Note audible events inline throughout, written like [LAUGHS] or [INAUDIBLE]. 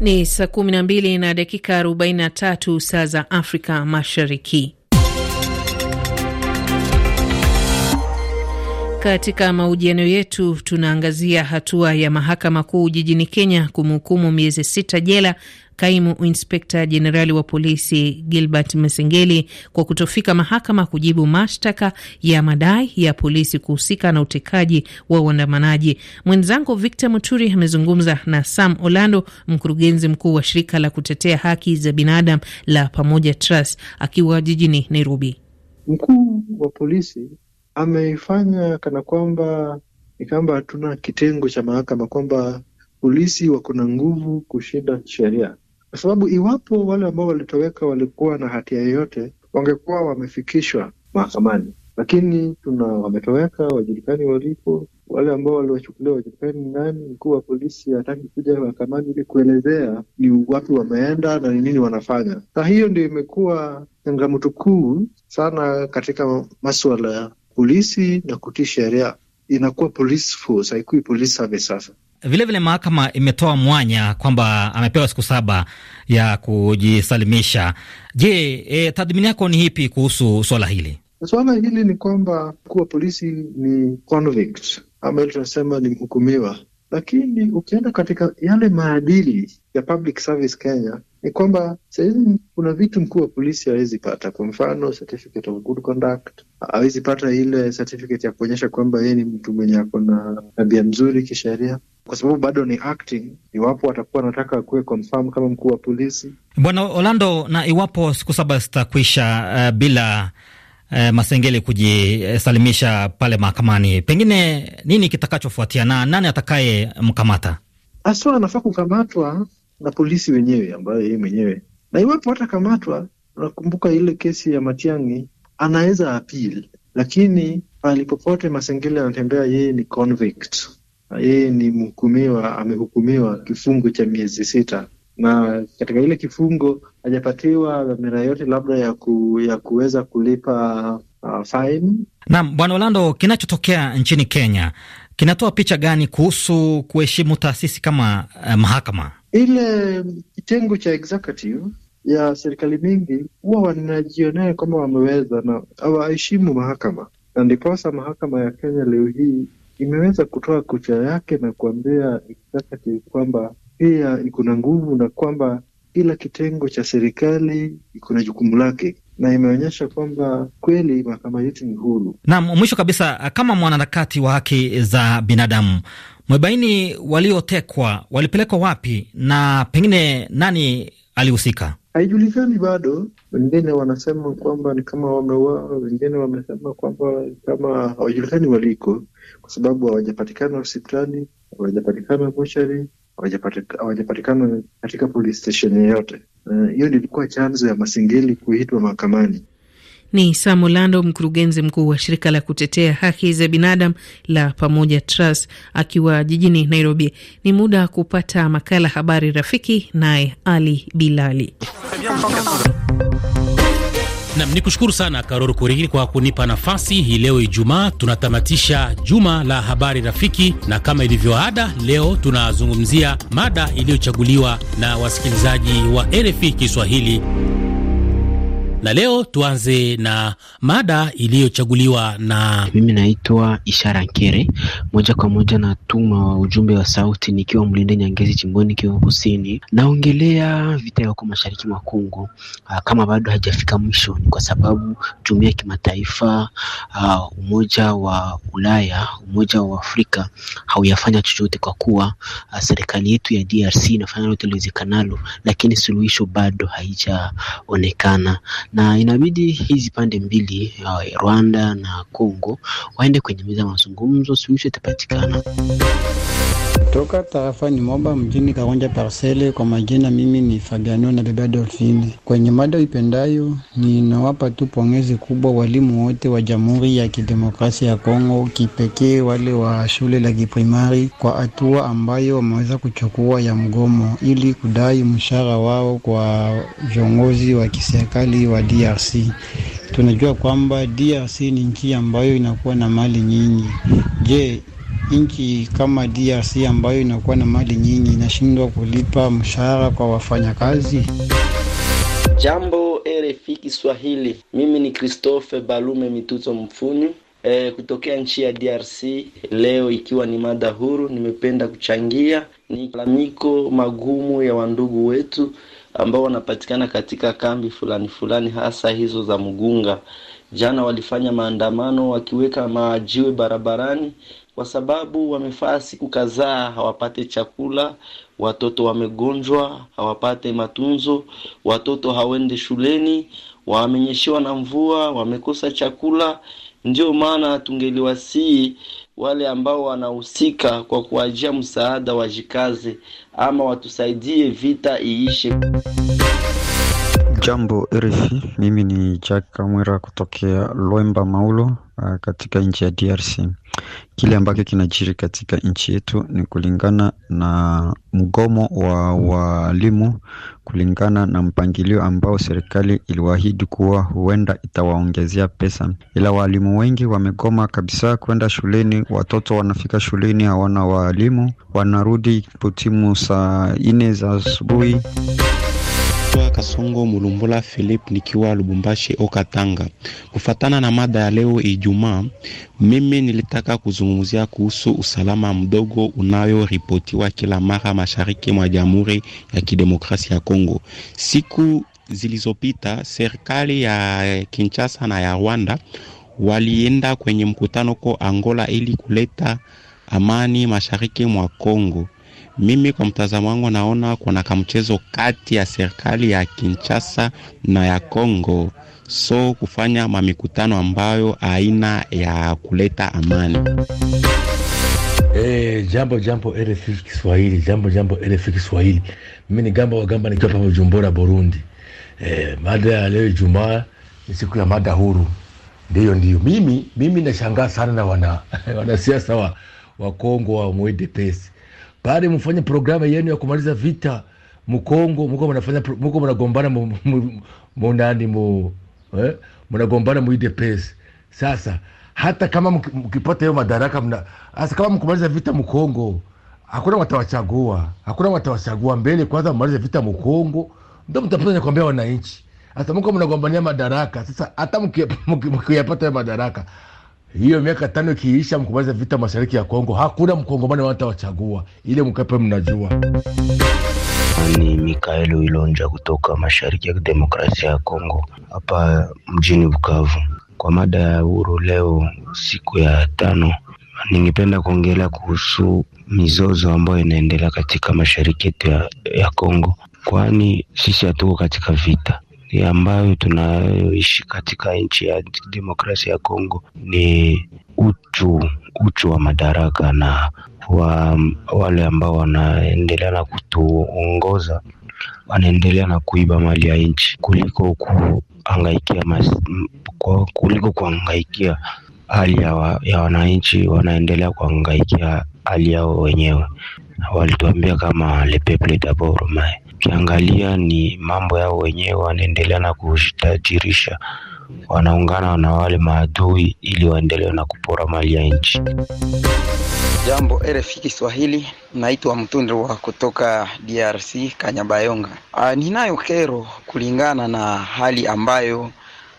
Ni saa 12 na dakika 43 saa za Afrika Mashariki. Katika mahojiano yetu tunaangazia hatua ya mahakama kuu jijini Kenya kumhukumu miezi sita jela kaimu inspekta jenerali wa polisi Gilbert Mesengeli kwa kutofika mahakama kujibu mashtaka ya madai ya polisi kuhusika na utekaji wa uandamanaji. Mwenzangu Victor Muturi amezungumza na Sam Orlando, mkurugenzi mkuu wa shirika la kutetea haki za binadamu la Pamoja Trust, akiwa jijini Nairobi. Mkuu wa polisi ameifanya kana kwamba ni kwamba hatuna kitengo cha mahakama, kwamba polisi wako na nguvu kushinda sheria kwa sababu iwapo wale ambao walitoweka walikuwa na hatia yoyote wangekuwa wamefikishwa mahakamani, lakini tuna wametoweka, wajulikani walipo. Wale ambao waliwachukulia wajulikani nani. Mkuu wa polisi hataki kuja mahakamani ili kuelezea ni wapi wameenda na ni nini wanafanya, na hiyo ndio imekuwa changamoto kuu sana katika maswala ya polisi na kutii sheria. Inakuwa police force, haikuwi police service sasa. Vilevile vile mahakama imetoa mwanya kwamba amepewa siku saba ya kujisalimisha. Je, e, tathmini yako ni ipi kuhusu swala hili? Swala hili ni kwamba mkuu wa polisi ni convict ama ili tunasema ni mhukumiwa, lakini ukienda katika yale maadili ya public service Kenya ni kwamba sahizi kuna vitu mkuu wa polisi hawezi pata. Kwa mfano, certificate of good conduct hawezi pata, ile certificate ya kuonyesha kwamba yeye ni mtu mwenye ako na tabia mzuri kisheria kwa sababu bado ni acting, iwapo watakuwa wanataka kuwe confirm kama mkuu wa polisi. Bwana Orlando, na iwapo siku saba zitakwisha uh, bila uh, Masengeli kujisalimisha pale mahakamani, pengine nini kitakachofuatia na nani atakaye mkamata? Aswa anafaa kukamatwa na polisi wenyewe, ambayo yeye mwenyewe na iwapo hatakamatwa, nakumbuka ile kesi ya Matiang'i, anaweza appeal, lakini pahali popote Masengeli anatembea, yeye ni convict yeye ni mhukumiwa, amehukumiwa kifungo cha miezi sita, na katika ile kifungo hajapatiwa dhamira yote labda ya, ku, ya kuweza kulipa uh, fine. Naam, Bwana Orlando, kinachotokea nchini Kenya kinatoa picha gani kuhusu kuheshimu taasisi kama uh, mahakama? Ile kitengo cha executive ya serikali mingi huwa wanajionea kwamba wameweza na hawaheshimu mahakama, na ndiposa mahakama ya Kenya leo hii imeweza kutoa kucha yake na kuambia executive kwamba pia iko na nguvu na kwamba kila kitengo cha serikali iko na jukumu lake na imeonyesha kwamba kweli mahakama yetu ni huru. Naam, mwisho kabisa, kama mwanaharakati wa haki za binadamu, mwebaini waliotekwa walipelekwa wapi na pengine nani alihusika? haijulikani bado. Wengine wanasema kwamba ni kama wameuawa, wengine wamesema kwamba kama hawajulikani waliko, kwa sababu hawajapatikana hospitali, hawajapatikana moshari, hawajapatikana katika polisi stesheni yeyote. Eh, hiyo uh, ilikuwa chanzo ya Masingeli kuitwa mahakamani. Ni Sam Orlando, mkurugenzi mkuu wa shirika la kutetea haki za binadamu la Pamoja Trust, akiwa jijini Nairobi. Ni muda wa kupata makala Habari Rafiki, naye Ali Bilali. Nam ni kushukuru sana karor Kurigi kwa kunipa nafasi hii leo. Ijumaa tunatamatisha juma la habari rafiki, na kama ilivyoada, leo tunazungumzia mada iliyochaguliwa na wasikilizaji wa RFI Kiswahili na leo tuanze na mada iliyochaguliwa na mimi. Naitwa Ishara Nkere, moja kwa moja natuma wa ujumbe wa sauti nikiwa Mlinde Nyangezi, jimboni Kivu Kusini. Naongelea vita ya huko mashariki mwa Kongo ah, kama bado haijafika mwisho, ni kwa sababu jumuiya ya kimataifa, ah, Umoja wa Ulaya, Umoja wa Afrika hauyafanya chochote, kwa kuwa ah, serikali yetu ya DRC inafanya lote liwezekanalo, lakini suluhisho bado haijaonekana na inabidi hizi pande mbili Rwanda na Kongo waende kwenye meza ya mazungumzo, suluhisho itapatikana. Toka tarafa ni Moba mjini Karonja Parcele. Kwa majina mimi ni Fabiano na bebe Adolfine. Kwenye mada ipendayo, ninawapa tu pongezi kubwa walimu wote wa Jamhuri ya Kidemokrasia ya Kongo, kipekee wale wa shule la kiprimari kwa hatua ambayo wameweza kuchukua ya mgomo ili kudai mshahara wao kwa viongozi wa kiserikali wa DRC. Tunajua kwamba DRC ni nchi ambayo inakuwa na mali nyingi. Je, nchi kama DRC ambayo inakuwa na mali nyingi inashindwa kulipa mshahara kwa wafanyakazi? Jambo RFI Kiswahili, mimi ni Christophe Balume Mituto Mfuni e, kutokea nchi ya DRC. Leo ikiwa ni mada huru, nimependa kuchangia ni lalamiko magumu ya wandugu wetu ambao wanapatikana katika kambi fulani fulani, hasa hizo za Mgunga. Jana walifanya maandamano wakiweka majiwe barabarani kwa sababu wamefaa siku kadhaa hawapate chakula, watoto wamegonjwa, hawapate matunzo, watoto hawende shuleni, wamenyeshewa na mvua, wamekosa chakula. ndio maana tungeliwasii wale ambao wanahusika kwa kuajia msaada, wajikaze ama watusaidie, vita iishe. Jambo RFI, mimi ni Jack Kamwera kutokea Lwemba Maulo uh, katika nchi ya DRC. Kile ambacho kinajiri katika nchi yetu ni kulingana na mgomo wa walimu, kulingana na mpangilio ambao serikali iliwaahidi kuwa huenda itawaongezea pesa, ila walimu wengi wamegoma kabisa kwenda shuleni. Watoto wanafika shuleni hawana walimu, wanarudi potimu saa nne za asubuhi. Naitwa Kasongo Mulumbula Philip nikiwa Lubumbashi Okatanga. Kufatana na mada ya leo Ijumaa, mimi nilitaka kuzungumzia kuhusu usalama mdogo unayoripotiwa kila mara mashariki mwa Jamhuri ya Kidemokrasia ya Kongo. Siku zilizopita serikali ya Kinshasa na ya Rwanda walienda kwenye mkutano ko Angola ili kuleta amani mashariki mwa Kongo. Mimi kwa mtazamo wangu naona kuna kamchezo kati ya serikali ya Kinshasa na ya Kongo, so kufanya mamikutano ambayo aina ya kuleta amani. Hey, eh, jambo jambo RFI Kiswahili, jambo jambo RFI Kiswahili. Mimi ni gamba wa gamba nikiwa hapa Bujumbura, Burundi. Eh, mada ya leo Ijumaa ni siku ya mada huru. Ndiyo, ndiyo. Mimi mimi nashangaa sana na wana [LAUGHS] wanasiasa wa wa Kongo wa UDPS bari mufanye programu yenu ya kumaliza vita mukongo muko mnafanya muko mnagombana mu nani mu eh mnagombana mu UDPS sasa hata kama mkipata hiyo madaraka mna hasa kama mkumaliza vita mukongo hakuna watawachagua hakuna watawachagua mbele kwanza mmalize vita mukongo ndio mtapata ni kuambia wananchi hasa mko mnagombania madaraka sasa hata mkiyapata mki, mki, mki madaraka hiyo miaka tano ikiisha, mkumaliza vita mashariki ya Kongo, hakuna mkongomani watawachagua ile mkape, mnajua ni Mikael Wilonja kutoka mashariki ya demokrasia ya Kongo hapa mjini Bukavu. Kwa mada ya uhuru leo siku ya tano, ningependa kuongelea kuhusu mizozo ambayo inaendelea katika mashariki yetu ya, ya Kongo, kwani sisi hatuko katika vita ni ambayo tunayoishi katika nchi ya demokrasia ya Kongo ni uchu uchu wa madaraka na wa wale ambao wanaendelea na kutuongoza wanaendelea na kuiba mali ya nchi kuliko kuangaikia mas, kwa, kuliko kuangaikia hali ya, wa, ya wananchi wanaendelea kuangaikia hali yao wenyewe. Walituambia kama le peuple d'abord mais ukiangalia ni mambo yao wenyewe, wanaendelea na kujitajirisha, wanaungana na wale maadui ili waendelee na kupora mali ya nchi. Jambo RFI Kiswahili, naitwa Mtundi wa kutoka DRC Kanyabayonga. Uh, ninayo kero kulingana na hali ambayo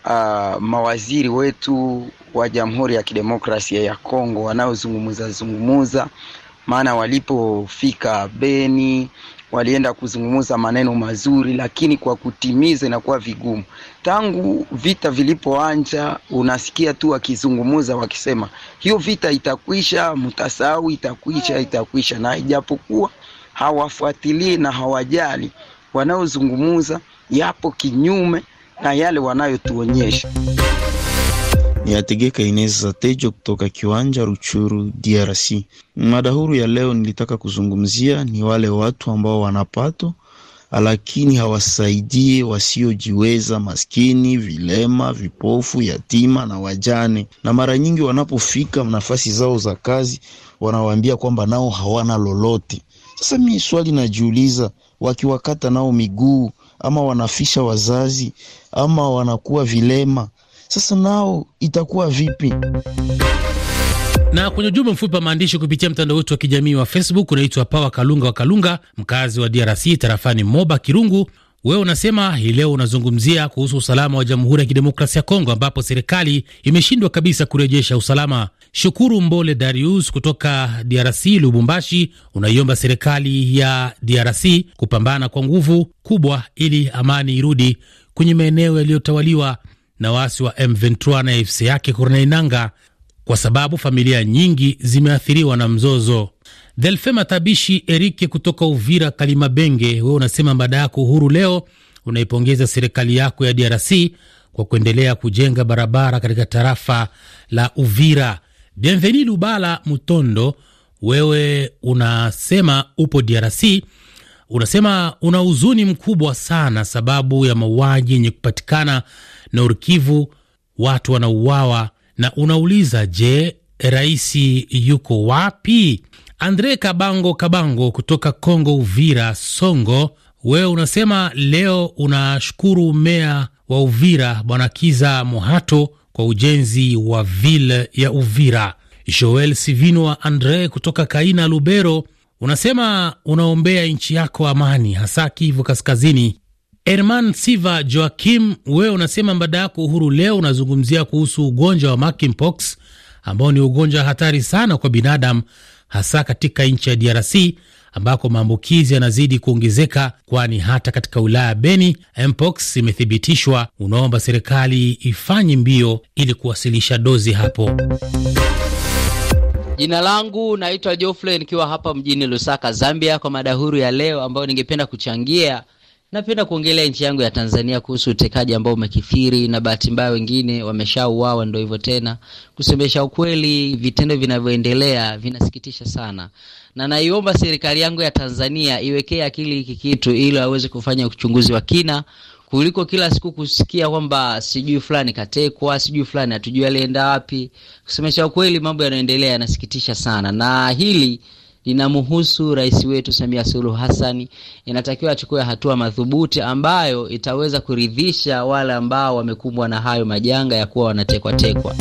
uh, mawaziri wetu wa Jamhuri ya Kidemokrasia ya Kongo wanaozungumuza zungumuza, maana walipofika Beni walienda kuzungumza maneno mazuri, lakini kwa kutimiza inakuwa vigumu. Tangu vita vilipoanja, unasikia tu wakizungumza wakisema hiyo vita itakwisha, mtasahau, itakwisha, itakwisha, na ijapokuwa hawafuatilii na hawajali wanaozungumza yapo kinyume na yale wanayotuonyesha ya Tegeka Inez Zatejo kutoka Kiwanja Ruchuru, DRC. Mada huru ya leo nilitaka kuzungumzia ni wale watu ambao wanapato lakini hawasaidie wasiojiweza, maskini, vilema, vipofu, yatima na wajane. Na mara nyingi wanapofika nafasi zao za kazi, wanawaambia kwamba nao hawana lolote. Sasa mi swali najiuliza, wakiwakata nao miguu ama wanafisha wazazi ama wanakuwa vilema sasa nao itakuwa vipi? na kwenye ujumbe mfupi wa maandishi kupitia mtandao wetu wa kijamii wa Facebook unaitwa Pawa Kalunga wa Kalunga, mkazi wa DRC tarafani Moba Kirungu. Wewe unasema hii leo unazungumzia kuhusu usalama wa Jamhuri ya Kidemokrasia ya Kongo, ambapo serikali imeshindwa kabisa kurejesha usalama. Shukuru Mbole Darius kutoka DRC, Lubumbashi, unaiomba serikali ya DRC kupambana kwa nguvu kubwa ili amani irudi kwenye maeneo yaliyotawaliwa na waasi wa M23 na AFC yake Nanga kwa sababu familia nyingi zimeathiriwa na mzozo. Delfe Matabishi Erike kutoka Uvira Kalimabenge, wewe unasema mada yako uhuru leo unaipongeza serikali yako ya DRC kwa kuendelea kujenga barabara katika tarafa la Uvira. Bienveni Lubala Mutondo, wewe unasema upo DRC, unasema una huzuni mkubwa sana sababu ya mauaji yenye kupatikana Norkivu watu wanauawa, na unauliza je, rais yuko wapi? Andre Kabango Kabango kutoka congo Uvira Songo, wewe unasema leo unashukuru meya wa Uvira Bwana Kiza Mohato kwa ujenzi wa ville ya Uvira. Joel Sivino wa Andre kutoka Kaina Lubero unasema unaombea nchi yako amani, hasa Kivu Kaskazini, Herman Siva Joakim, wewe unasema mada yako Uhuru leo unazungumzia kuhusu ugonjwa wa monkeypox ambao ni ugonjwa hatari sana kwa binadamu, hasa katika nchi ya DRC ambako maambukizi yanazidi kuongezeka, kwani hata katika wilaya ya Beni mpox imethibitishwa. Unaomba serikali ifanye mbio ili kuwasilisha dozi hapo. Jina langu naitwa jofle nikiwa hapa mjini Lusaka, Zambia, kwa mada huru ya leo ambayo ningependa kuchangia Napenda kuongelea nchi yangu ya Tanzania kuhusu utekaji ambao umekithiri, na bahati mbaya wengine wameshauawa, ndio hivyo tena. Kusemesha ukweli, vitendo vinavyoendelea vinasikitisha sana, na naiomba serikali yangu ya Tanzania iwekee akili hiki kitu, ili aweze kufanya uchunguzi wa kina kuliko kila siku kusikia kwamba sijui fulani katekwa, sijui fulani hatujui alienda wapi. Kusemesha ukweli, mambo yanayoendelea yanasikitisha sana, na hili linamhusu rais wetu Samia Suluhu Hassani, inatakiwa achukue hatua madhubuti ambayo itaweza kuridhisha wale ambao wamekumbwa na hayo majanga ya kuwa wanatekwatekwa.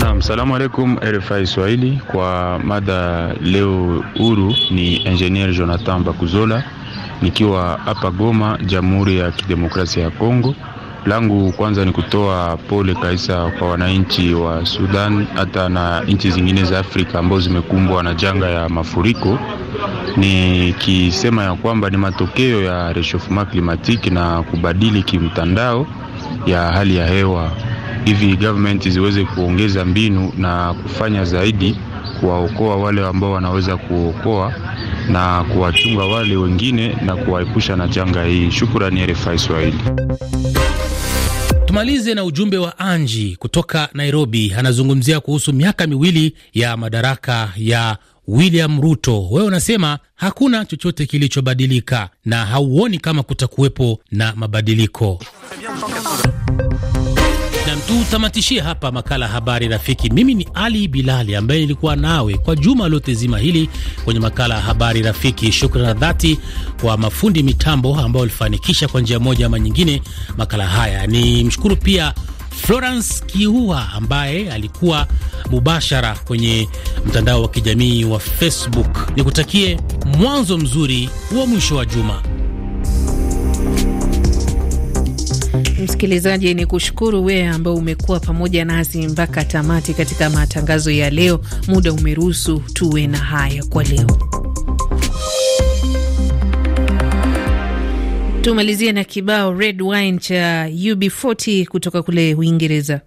Naam, salamu alaikum RFI Swahili. Kwa mada leo huru ni Engineer Jonathan Bakuzola nikiwa hapa Goma, Jamhuri ya Kidemokrasia ya Kongo langu kwanza ni kutoa pole kabisa kwa wananchi wa Sudan hata na nchi zingine za Afrika ambazo zimekumbwa na janga ya mafuriko, nikisema ya kwamba ni matokeo ya reshofuma klimatiki na kubadili kimtandao ya hali ya hewa, hivi government ziweze kuongeza mbinu na kufanya zaidi kuwaokoa wale ambao wanaweza kuokoa na kuwachunga wale wengine na kuwaepusha na janga hii. Shukrani RFI Swahili. Tumalize na ujumbe wa Anji kutoka Nairobi, anazungumzia kuhusu miaka miwili ya madaraka ya William Ruto. Wewe unasema hakuna chochote kilichobadilika na hauoni kama kutakuwepo na mabadiliko na tutamatishie hapa makala habari rafiki. Mimi ni Ali Bilali ambaye nilikuwa nawe kwa juma lote zima hili kwenye makala ya habari rafiki. Shukrani dhati kwa mafundi mitambo ambao walifanikisha kwa njia moja ama nyingine makala haya. Ni mshukuru pia Florence Kiua ambaye alikuwa mubashara kwenye mtandao wa kijamii wa Facebook. Nikutakie mwanzo mzuri wa mwisho wa juma. Msikilizaji, ni kushukuru wewe ambao umekuwa pamoja nasi mpaka tamati katika matangazo ya leo. Muda umeruhusu tuwe na haya kwa leo. Tumalizie na kibao Red Wine cha UB40 kutoka kule Uingereza.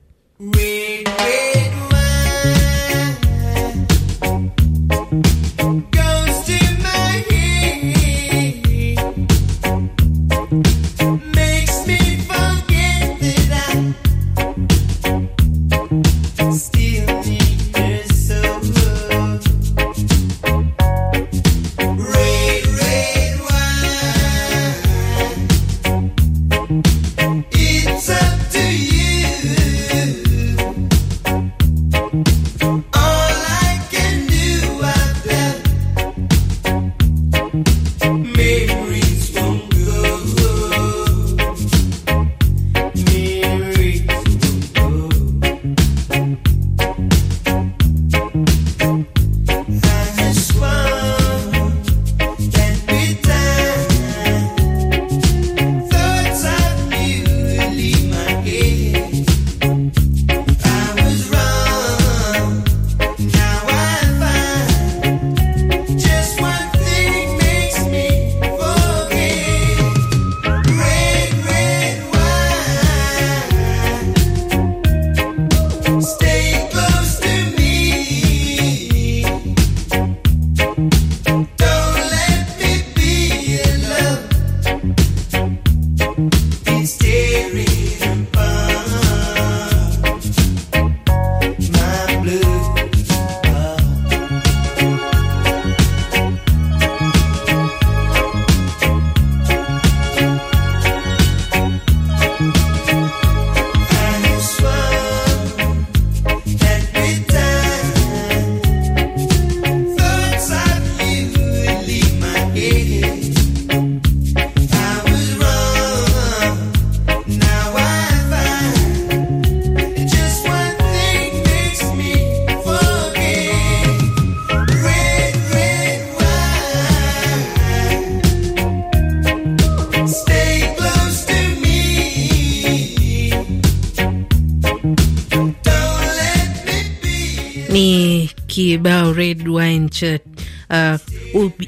Edwin Ch uh,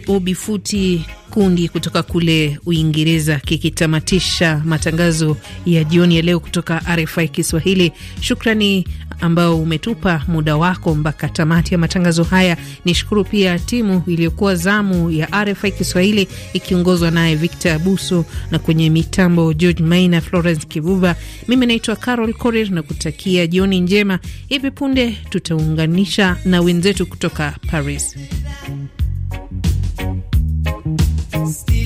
Ubifuti kikundi kutoka kule Uingereza kikitamatisha matangazo ya jioni ya leo kutoka RFI Kiswahili. Shukrani ambao umetupa muda wako mpaka tamati ya matangazo haya. Nishukuru pia timu iliyokuwa zamu ya RFI Kiswahili ikiongozwa naye Victor Abuso na kwenye mitambo George Maina, Florence kibuva Mimi naitwa Carol Korir na kutakia jioni njema. Hivi punde tutaunganisha na wenzetu kutoka Paris. Still